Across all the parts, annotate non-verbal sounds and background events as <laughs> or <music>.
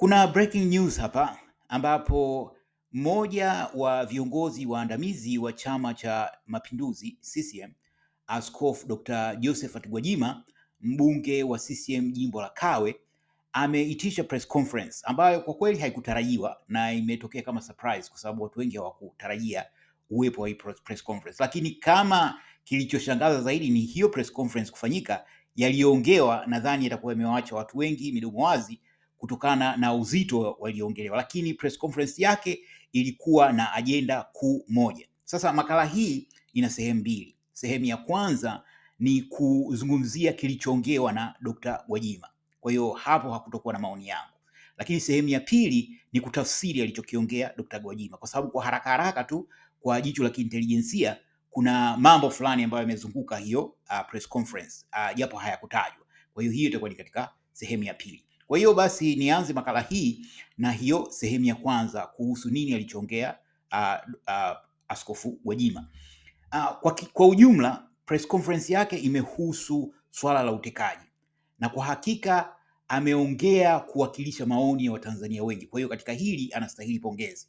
Kuna breaking news hapa ambapo mmoja wa viongozi waandamizi wa Chama cha Mapinduzi CCM, Askofu Dr. Josephat Gwajima, mbunge wa CCM jimbo la Kawe, ameitisha press conference ambayo kwa kweli haikutarajiwa na imetokea kama surprise, kwa sababu watu wengi hawakutarajia uwepo wa hii press conference. Lakini kama kilichoshangaza zaidi ni hiyo press conference kufanyika, yaliyoongewa nadhani yatakuwa yamewaacha watu wengi midomo wazi kutokana na uzito walioongelewa, lakini press conference yake ilikuwa na ajenda kuu moja. Sasa makala hii ina sehemu mbili. Sehemu ya kwanza ni kuzungumzia kilichoongewa na Dr. Gwajima, kwa hiyo hapo hakutokuwa na maoni yangu, lakini sehemu ya pili ni kutafsiri alichokiongea Dr. Gwajima, kwa sababu kwa haraka haraka tu kwa jicho la kiintelijensia kuna mambo fulani ambayo yamezunguka hiyo uh, press conference ah, japo uh, hayakutajwa. Kwa hiyo hiyo itakuwa ni katika sehemu ya pili. Kwa hiyo basi nianze makala hii na hiyo sehemu ya kwanza kuhusu nini alichongea uh, uh, Askofu Gwajima. Uh, kwa, kwa ujumla press conference yake imehusu swala la utekaji na kwa hakika ameongea kuwakilisha maoni ya Watanzania wengi. Kwa hiyo katika hili anastahili pongezi.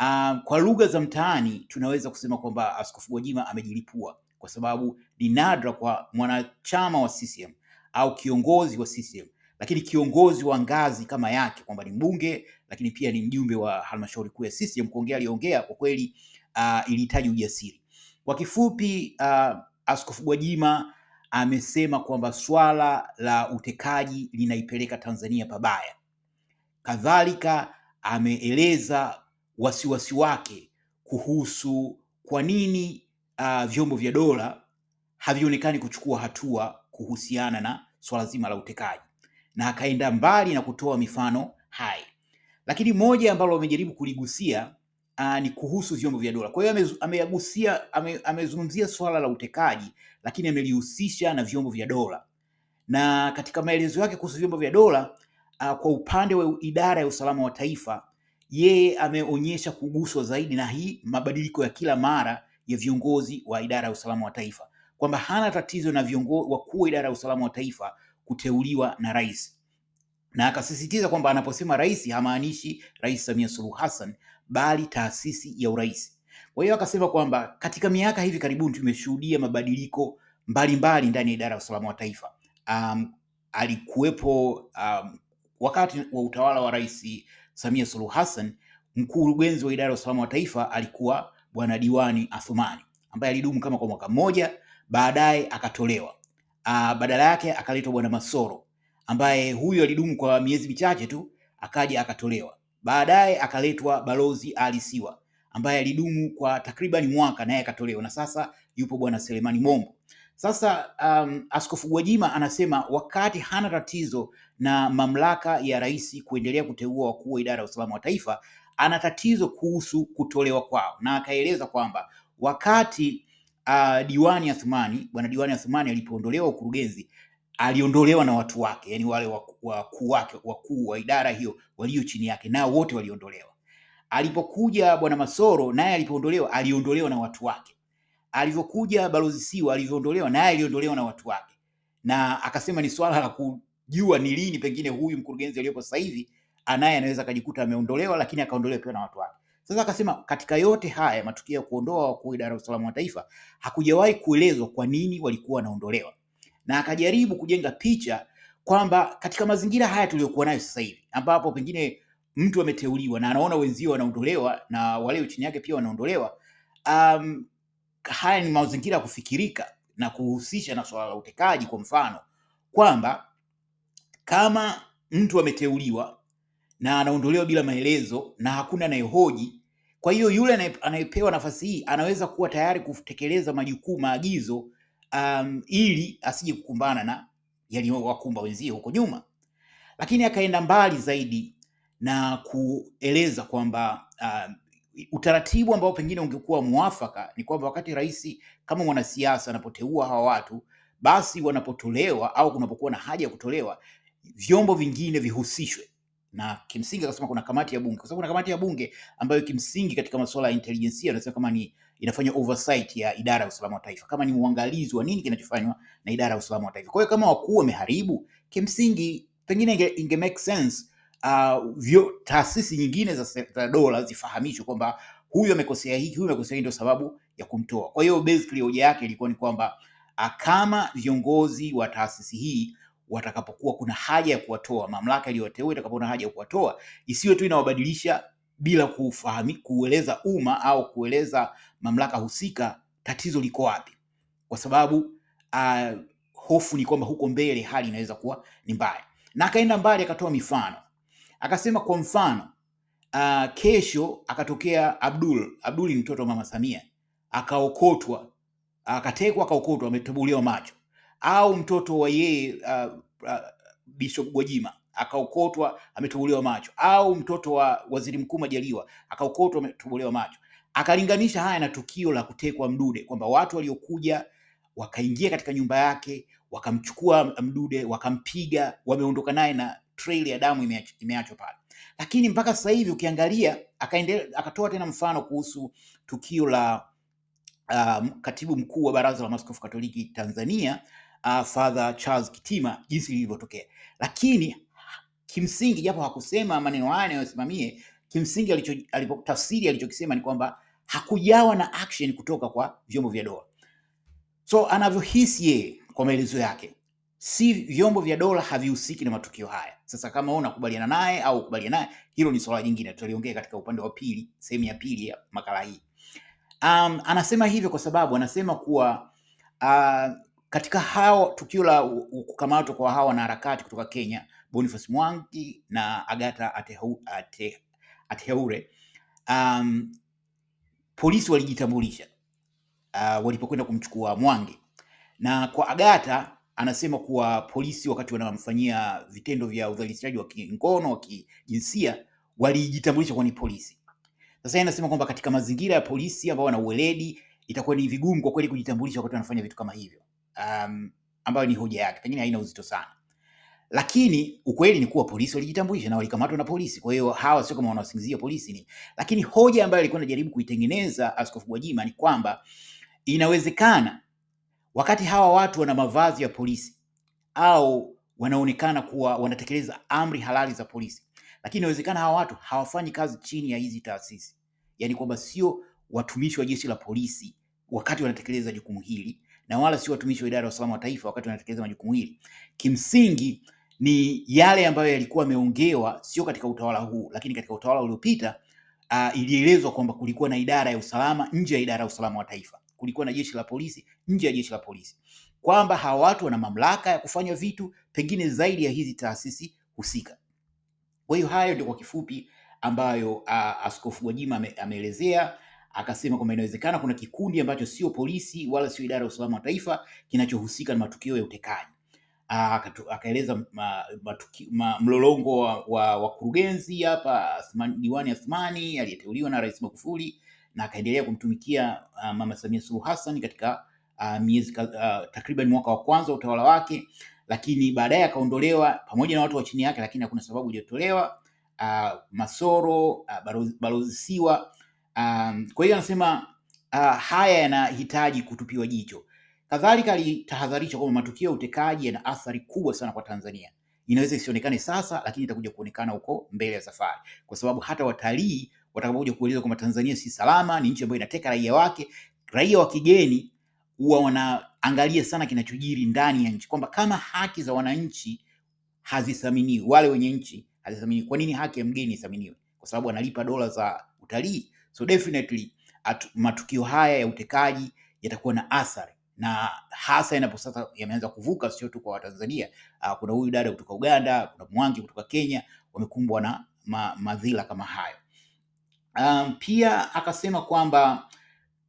Uh, kwa lugha za mtaani tunaweza kusema kwamba Askofu Gwajima amejilipua kwa sababu ni nadra kwa mwanachama wa CCM au kiongozi wa CCM lakini kiongozi wa ngazi kama yake kwamba ni mbunge, lakini pia ni mjumbe wa halmashauri kuu ya CCM, kuongea aliongea kwa kweli uh, ilihitaji ujasiri. Kwa kifupi uh, Askofu Gwajima amesema kwamba swala la utekaji linaipeleka Tanzania pabaya. Kadhalika ameeleza wasiwasi wake kuhusu kwa nini uh, vyombo vya dola havionekani kuchukua hatua kuhusiana na swala zima la utekaji na akaenda mbali na kutoa mifano hai, lakini moja ambalo wamejaribu kuligusia Uh, ni kuhusu vyombo vya dola. Kwa hiyo ameyagusia, ame, amezungumzia swala la utekaji lakini amelihusisha na vyombo vya dola, na katika maelezo yake kuhusu vyombo vya dola uh, kwa upande wa idara ya usalama wa taifa, yeye ameonyesha kuguswa zaidi na hii mabadiliko ya kila mara ya viongozi wa idara ya usalama wa taifa, kwamba hana tatizo na viongozi wakuu wa idara ya usalama wa taifa kuteuliwa na rais, na akasisitiza kwamba anaposema rais hamaanishi Rais Samia Suluhu Hassan bali taasisi ya urais. Kwa hiyo akasema kwamba katika miaka hivi karibuni tumeshuhudia mabadiliko mbalimbali ndani ya idara ya usalama wa taifa. Um, alikuwepo um, wakati wa utawala wa Rais Samia Suluhu Hassan mkurugenzi wa idara ya usalama wa taifa alikuwa Bwana Diwani Athumani ambaye alidumu kama kwa mwaka mmoja, baadaye akatolewa. Uh, badala yake akaletwa Bwana Masoro ambaye huyu alidumu kwa miezi michache tu akaja akatolewa. Baadaye akaletwa Balozi Ali Siwa ambaye alidumu kwa takriban mwaka naye akatolewa, na sasa yupo bwana Selemani Mombo. Sasa um, Askofu Gwajima anasema wakati hana tatizo na mamlaka ya rais kuendelea kuteua wakuu wa idara ya usalama wa taifa, ana tatizo kuhusu kutolewa kwao, na akaeleza kwamba wakati uh, diwani Athumani, bwana diwani Athumani alipoondolewa ukurugenzi, aliondolewa na watu wake, yani wale wakuu wake, wakuu wa idara hiyo walio chini yake, nao wote waliondolewa. Alipokuja bwana Masoro, naye alipoondolewa, aliondolewa na watu wake. Alivyokuja balozi Siwa, alivyoondolewa, naye aliondolewa na watu wake, na akasema ni swala la kujua ni lini pengine huyu mkurugenzi aliyepo sasa hivi anaye anaweza akajikuta ameondolewa, lakini akaondolewa pia na watu wake. Sasa akasema katika yote haya matukio ya kuondoa wakuu idara ya usalama wa taifa hakujawahi kuelezwa kwa nini walikuwa wanaondolewa na akajaribu kujenga picha kwamba katika mazingira haya tuliyokuwa nayo sasa hivi ambapo pengine mtu ameteuliwa na anaona wenzio wanaondolewa na wale chini yake pia wanaondolewa. Um, haya ni mazingira ya kufikirika na kuhusisha na swala la utekaji, kwa mfano kwamba kama mtu ameteuliwa na anaondolewa bila maelezo na hakuna anayehoji, kwa hiyo yule anayepewa nafasi hii anaweza kuwa tayari kutekeleza majukumu, maagizo um, ili asije kukumbana na yaliyowakumba wenzie huko nyuma. Lakini akaenda mbali zaidi na kueleza kwamba uh, utaratibu ambao pengine ungekuwa mwafaka ni kwamba wakati rais kama mwanasiasa anapoteua hawa watu, basi wanapotolewa au kunapokuwa na haja ya kutolewa, vyombo vingine vihusishwe na kimsingi akasema kuna kamati ya bunge, kwa sababu kuna kamati ya bunge ambayo kimsingi katika masuala ya intelijensia anasema kama ni inafanya oversight ya idara ya usalama wa taifa, kama ni uangalizi wa nini kinachofanywa na idara ya usalama wa taifa. Kwa hiyo kama wakuu wameharibu, kimsingi pengine inge, inge make sense uh, vyo taasisi nyingine za, za dola zifahamishwe kwamba huyu amekosea hiki, huyu amekosea hiki, ndio sababu ya kumtoa. Kwa hiyo basically hoja yake ilikuwa ni kwamba uh, kama viongozi wa taasisi hii watakapokuwa kuna haja ya kuwatoa, mamlaka iliyoteua itakapokuwa na haja ya kuwatoa, isiwe tu inawabadilisha bila kufahami, kueleza umma au kueleza mamlaka husika tatizo liko wapi, kwa sababu uh, hofu ni kwamba huko mbele hali inaweza kuwa ni mbaya. Na akaenda mbali akatoa mifano, akasema kwa mfano uh, kesho akatokea Abdul. Abdul ni mtoto wa mama Samia, akaokotwa akatekwa, akaokotwa, ametobolewa macho, au mtoto wa yeye uh, uh, Bishop Gwajima akaokotwa ametobolewa macho, au mtoto wa waziri mkuu Majaliwa akaokotwa ametobolewa macho. Akalinganisha haya na tukio la kutekwa Mdude, kwamba watu waliokuja wakaingia katika nyumba yake wakamchukua Mdude wakampiga, wameondoka naye na trail ya damu imeachwa pale. Lakini mpaka sasa hivi ukiangalia, akaendelea akatoa tena mfano kuhusu tukio la uh, katibu mkuu wa Baraza la Maaskofu Katoliki Tanzania, uh, Father Charles Kitima, jinsi lilivyotokea, lakini kimsingi, japo hakusema maneno haya anayosimamie, kimsingi alicho alipotafsiri alichokisema ni kwamba hakujawa na action kutoka kwa vyombo vya dola. So anavyohisi yeye kwa maelezo yake, si vyombo vya dola havihusiki na matukio haya. Sasa kama wewe unakubaliana naye au ukubaliana naye, hilo ni swala jingine, tutaliongea katika upande wa pili, sehemu ya pili ya makala hii. Um, anasema hivyo kwa sababu anasema kuwa uh, katika hao tukio la kukamatwa kwa hawa wanaharakati kutoka Kenya Boniface Mwangi na Agatha Atehu, Ate, Ateure. Um, polisi walijitambulisha uh, walipokwenda kumchukua Mwangi, na kwa Agatha anasema kuwa polisi wakati wanamfanyia vitendo vya udhalilishaji wa kingono wa kijinsia walijitambulisha kwa ni polisi. Sasa yeye anasema kwamba katika mazingira ya polisi ambao wana uweledi itakuwa ni vigumu kwa kweli kujitambulisha wakati wanafanya vitu kama hivyo, um, ambayo ni hoja yake, pengine haina uzito sana. Lakini ukweli ni kuwa polisi walijitambulisha na walikamatwa na polisi. Kwa hiyo hawa sio kama wanawasingizia polisi ni. Lakini hoja ambayo alikuwa anajaribu kuitengeneza Askofu Gwajima ni kwamba inawezekana wakati hawa watu wana mavazi ya polisi au wanaonekana kuwa wanatekeleza amri halali za polisi, lakini inawezekana hawa watu hawafanyi kazi chini ya hizi taasisi, yaani kwamba sio watumishi wa jeshi la polisi wakati wanatekeleza jukumu hili na wala sio watumishi wa idara ya usalama wa taifa wakati wanatekeleza majukumu hili kimsingi ni yale ambayo yalikuwa yameongewa, sio katika utawala huu, lakini katika utawala uliopita. Uh, ilielezwa kwamba kulikuwa na idara ya usalama nje ya idara ya usalama wa taifa, kulikuwa na jeshi la polisi nje ya jeshi la polisi, kwamba hawa watu wana mamlaka ya kufanya vitu pengine zaidi ya hizi taasisi husika. Kwa hiyo hayo ndio kwa kifupi ambayo uh, Askofu Gwajima ameelezea akasema kwamba inawezekana kuna kikundi ambacho sio polisi wala sio idara ya usalama wa taifa kinachohusika na matukio ya utekaji. Ah, akaeleza mlolongo wa wakurugenzi wa hapa diwani Athumani aliyeteuliwa na Rais Magufuli na akaendelea kumtumikia uh, Mama Samia Suluhu Hassan katika uh, miezi uh, takriban mwaka wa kwanza wa utawala wake, lakini baadaye akaondolewa pamoja na watu wa chini yake, lakini hakuna sababu iliyotolewa. Uh, Masoro uh, Balozi Siwa um, kwa hiyo anasema uh, haya yanahitaji kutupiwa jicho. Kadhalika alitahadharisha kwamba matukio ya utekaji yana athari kubwa sana kwa Tanzania. Inaweza isionekane sasa, lakini itakuja kuonekana huko mbele ya safari, kwa sababu hata watalii watakapokuja kueleza kwamba Tanzania si salama, ni nchi ambayo inateka raia wake, raia wa kigeni huwa wanaangalia sana kinachojiri ndani ya nchi, kwamba kama haki za wananchi hazithaminiwi, wale wenye nchi hazithaminiwi, kwa nini haki ya mgeni ithaminiwe? Kwa sababu analipa dola za utalii. So definitely matukio haya ya utekaji yatakuwa na athari na hasa inapo sasa yameanza kuvuka, sio tu kwa Watanzania. Ah, kuna huyu dada kutoka Uganda, kuna Mwangi kutoka Kenya, wamekumbwa na ma, madhila kama hayo. Um, pia akasema kwamba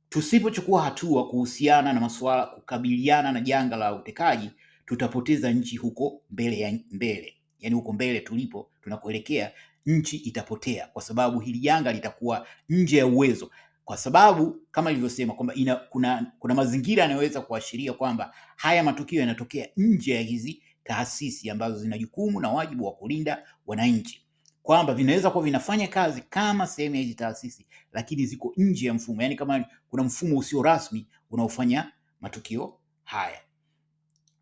tusipochukua hatua kuhusiana na masuala kukabiliana na janga la utekaji tutapoteza nchi huko mbele ya mbele, yani huko mbele tulipo tunakoelekea, nchi itapotea kwa sababu hili janga litakuwa nje ya uwezo kwa sababu kama ilivyosema kwamba ina, kuna, kuna mazingira yanayoweza kuashiria kwamba haya matukio yanatokea nje ya hizi taasisi ambazo zina jukumu na wajibu wa kulinda wananchi, kwamba vinaweza kuwa vinafanya kazi kama sehemu ya hizi taasisi, lakini ziko nje ya mfumo, yaani kama kuna mfumo usio rasmi unaofanya matukio haya.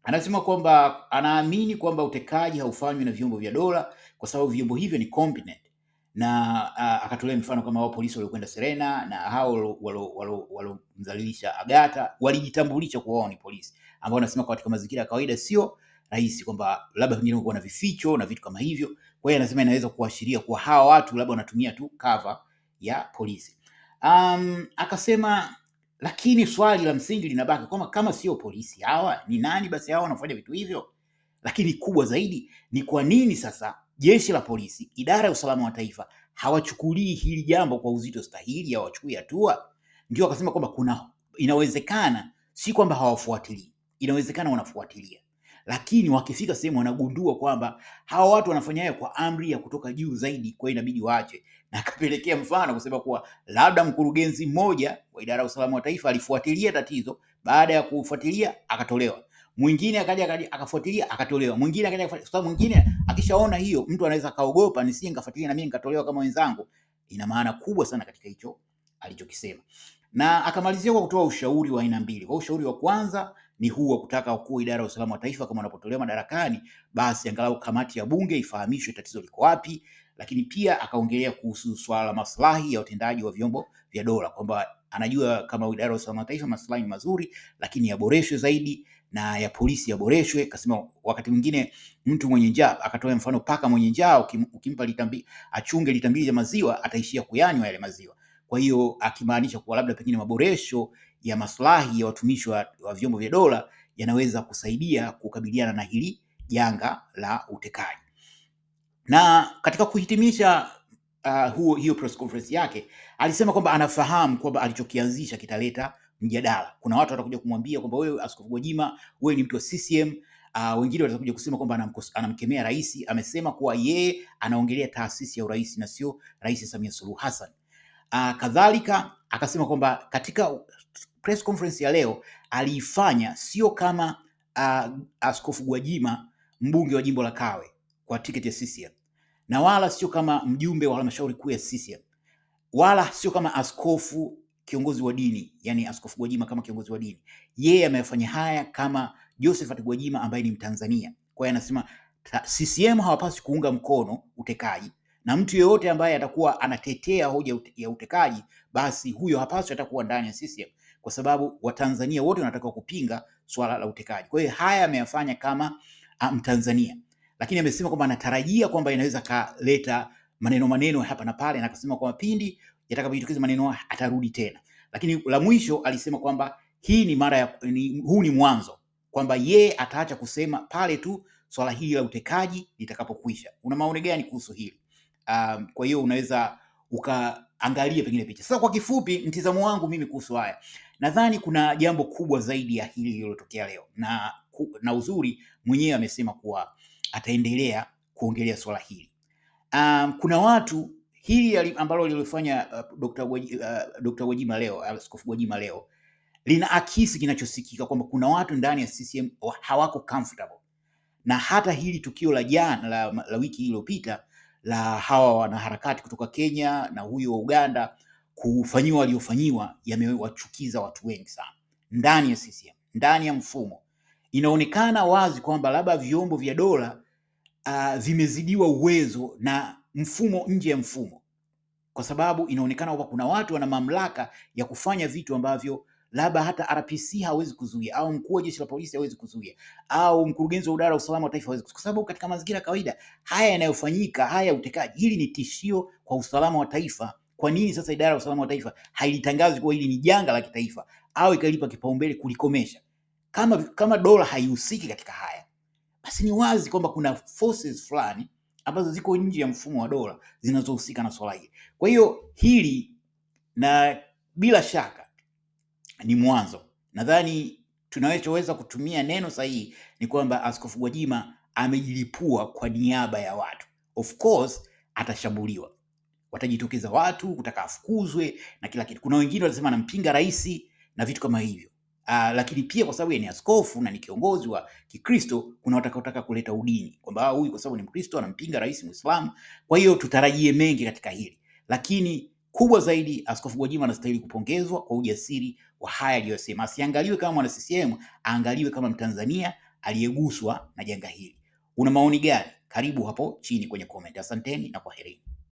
Anasema kwamba anaamini kwamba utekaji haufanywi na vyombo vya dola kwa sababu vyombo hivyo ni competent na uh, akatolea mfano kama wao polisi waliokwenda Serena na hao waliomdhalilisha Agata walijitambulisha kuwa wao ni polisi, ambao wanasema kwa katika mazingira ya kawaida sio rahisi, kwamba labda pengine kuwa na vificho na vitu kama hivyo. Kwa hiyo anasema inaweza kuashiria kuwa hawa watu labda wanatumia tu cover ya polisi. Um, akasema lakini swali la msingi linabaki kwamba kama sio polisi hawa ni nani basi hawa wanafanya vitu hivyo? Lakini kubwa zaidi ni kwa nini sasa jeshi la polisi, idara ya usalama wa taifa hawachukulii hili jambo kwa uzito stahili, hawachukui hatua. Ndio akasema kwamba kuna inawezekana, si kwamba hawafuatilii, inawezekana wanafuatilia, lakini wakifika sehemu wanagundua kwamba hawa watu wanafanya hayo kwa amri ya kutoka juu zaidi, kwa inabidi waache. <laughs> Na akapelekea mfano kusema kuwa labda mkurugenzi mmoja wa idara ya usalama wa taifa alifuatilia tatizo, baada ya kufuatilia akatolewa mwingine akaja akafuatilia akatolewa, mwingine akaja kwa sababu mwingine akishaona hiyo, mtu anaweza kaogopa, nisije nikafuatilia na mimi nikatolewa kama wenzangu. Ina maana kubwa sana katika hicho alichokisema, na akamalizia kwa kutoa ushauri wa aina mbili. Kwa ushauri wa kwanza ni huu wa kutaka wakuu idara ya usalama wa taifa kama unapotolewa madarakani, basi angalau kamati ya bunge ifahamishwe tatizo liko wapi. Lakini pia akaongelea kuhusu swala la maslahi ya utendaji wa vyombo vya dola kwamba anajua kama idara ya usalama taifa maslahi mazuri, lakini yaboreshwe zaidi na ya polisi yaboreshwe. Kasema wakati mwingine mtu mwenye njaa, akatoa mfano paka mwenye njaa ukimpa lita mbili, achunge lita mbili ya maziwa, ataishia kuyanywa yale maziwa. Kwa hiyo akimaanisha kuwa labda pengine maboresho ya maslahi ya watumishi wa, wa vyombo vya dola yanaweza kusaidia kukabiliana na hili janga la utekaji. Na katika kuhitimisha uh, huo hiyo press conference yake alisema kwamba anafahamu kwamba alichokianzisha kitaleta mjadala. Kuna watu watakuja kumwambia kwamba wewe Askofu Gwajima, wewe ni mtu wa CCM. Uh, wengine watakuja kusema kwamba anamkemea rais. Amesema kuwa yeye anaongelea taasisi ya urais na sio Rais Samia Suluhu Hassan. Uh, kadhalika akasema kwamba katika press conference ya leo aliifanya sio kama uh, Askofu Gwajima mbunge wa jimbo la Kawe kwa tiketi ya CCM na wala sio kama mjumbe wa halmashauri kuu ya CCM wala sio kama askofu kiongozi wa dini, yani Askofu Gwajima kama kiongozi wa dini. Yeye amefanya haya kama Josephat Gwajima ambaye ni Mtanzania. Kwa hiyo anasema CCM hawapaswi kuunga mkono utekaji na mtu yeyote ambaye atakuwa anatetea hoja ya utekaji, basi huyo hapaswi atakuwa ndani ya CCM, kwa sababu Watanzania wote wanatakiwa kupinga swala la utekaji. Kwa hiyo haya ameyafanya kama Mtanzania lakini amesema kwamba anatarajia kwamba inaweza kaleta maneno maneno hapa na pale, na akasema kwamba pindi yatakapojitokeza maneno atarudi tena. Lakini la mwisho alisema kwamba hii ni mara ya ni, huu ni mwanzo kwamba ye ataacha kusema pale tu swala hili la utekaji litakapokwisha. Una maoni gani kuhusu hili? Um, kwa hiyo unaweza ukaangalia pengine picha. Sasa kwa kifupi, mtizamo wangu mimi kuhusu haya, nadhani kuna jambo kubwa zaidi ya hili lililotokea leo na, na uzuri mwenyewe amesema kuwa ataendelea kuongelea swala hili. Um, kuna watu hili ambalo lilifanya uh, Dr. Uh, Gwajima, uh, Dr. leo Askofu Gwajima leo lina akisi kinachosikika kwamba kuna watu ndani ya CCM hawako comfortable na hata hili tukio la jana la, la wiki iliyopita la hawa wanaharakati kutoka Kenya na huyo wa Uganda kufanyiwa waliofanyiwa yamewachukiza watu wengi sana ndani ya CCM, ndani ya mfumo inaonekana wazi kwamba labda vyombo vya dola uh, vimezidiwa uwezo na mfumo nje ya mfumo, kwa sababu inaonekana kwamba kuna watu wana mamlaka ya kufanya vitu ambavyo labda hata RPC hawezi kuzuia au mkuu wa jeshi la polisi hawezi kuzuia au mkurugenzi wa idara ya usalama wa taifa hawezi, kwa sababu katika mazingira ya kawaida haya yanayofanyika haya utekaji, hili ni tishio kwa usalama wa taifa. Kwa nini sasa idara ya usalama wa taifa hailitangazi kuwa hili ni janga la kitaifa au ikalipa kipaumbele kulikomesha? kama, kama dola haihusiki katika haya, basi ni wazi kwamba kuna forces fulani ambazo ziko nje ya mfumo wa dola zinazohusika na swala hili. Kwa hiyo hili na bila shaka ni mwanzo. Nadhani tunaweza kutumia neno sahihi ni kwamba Askofu Gwajima amejilipua kwa niaba ya watu. Of course atashambuliwa, watajitokeza watu kutaka afukuzwe na kila kitu. Kuna wengine wanasema anampinga rais na vitu kama hivyo. Uh, lakini pia kwa sababu yeye ni askofu na ni kiongozi wa Kikristo, kuna watakaotaka kuleta udini kwamba huyu kwa sababu ni Mkristo anampinga rais Muislamu. Kwa hiyo tutarajie mengi katika hili, lakini kubwa zaidi, Askofu Gwajima anastahili kupongezwa kwa ujasiri wa haya aliyosema. Asiangaliwe kama mwana CCM, aangaliwe kama Mtanzania aliyeguswa na janga hili. Una maoni gani? Karibu hapo chini kwenye comment. Asanteni na kwaherini.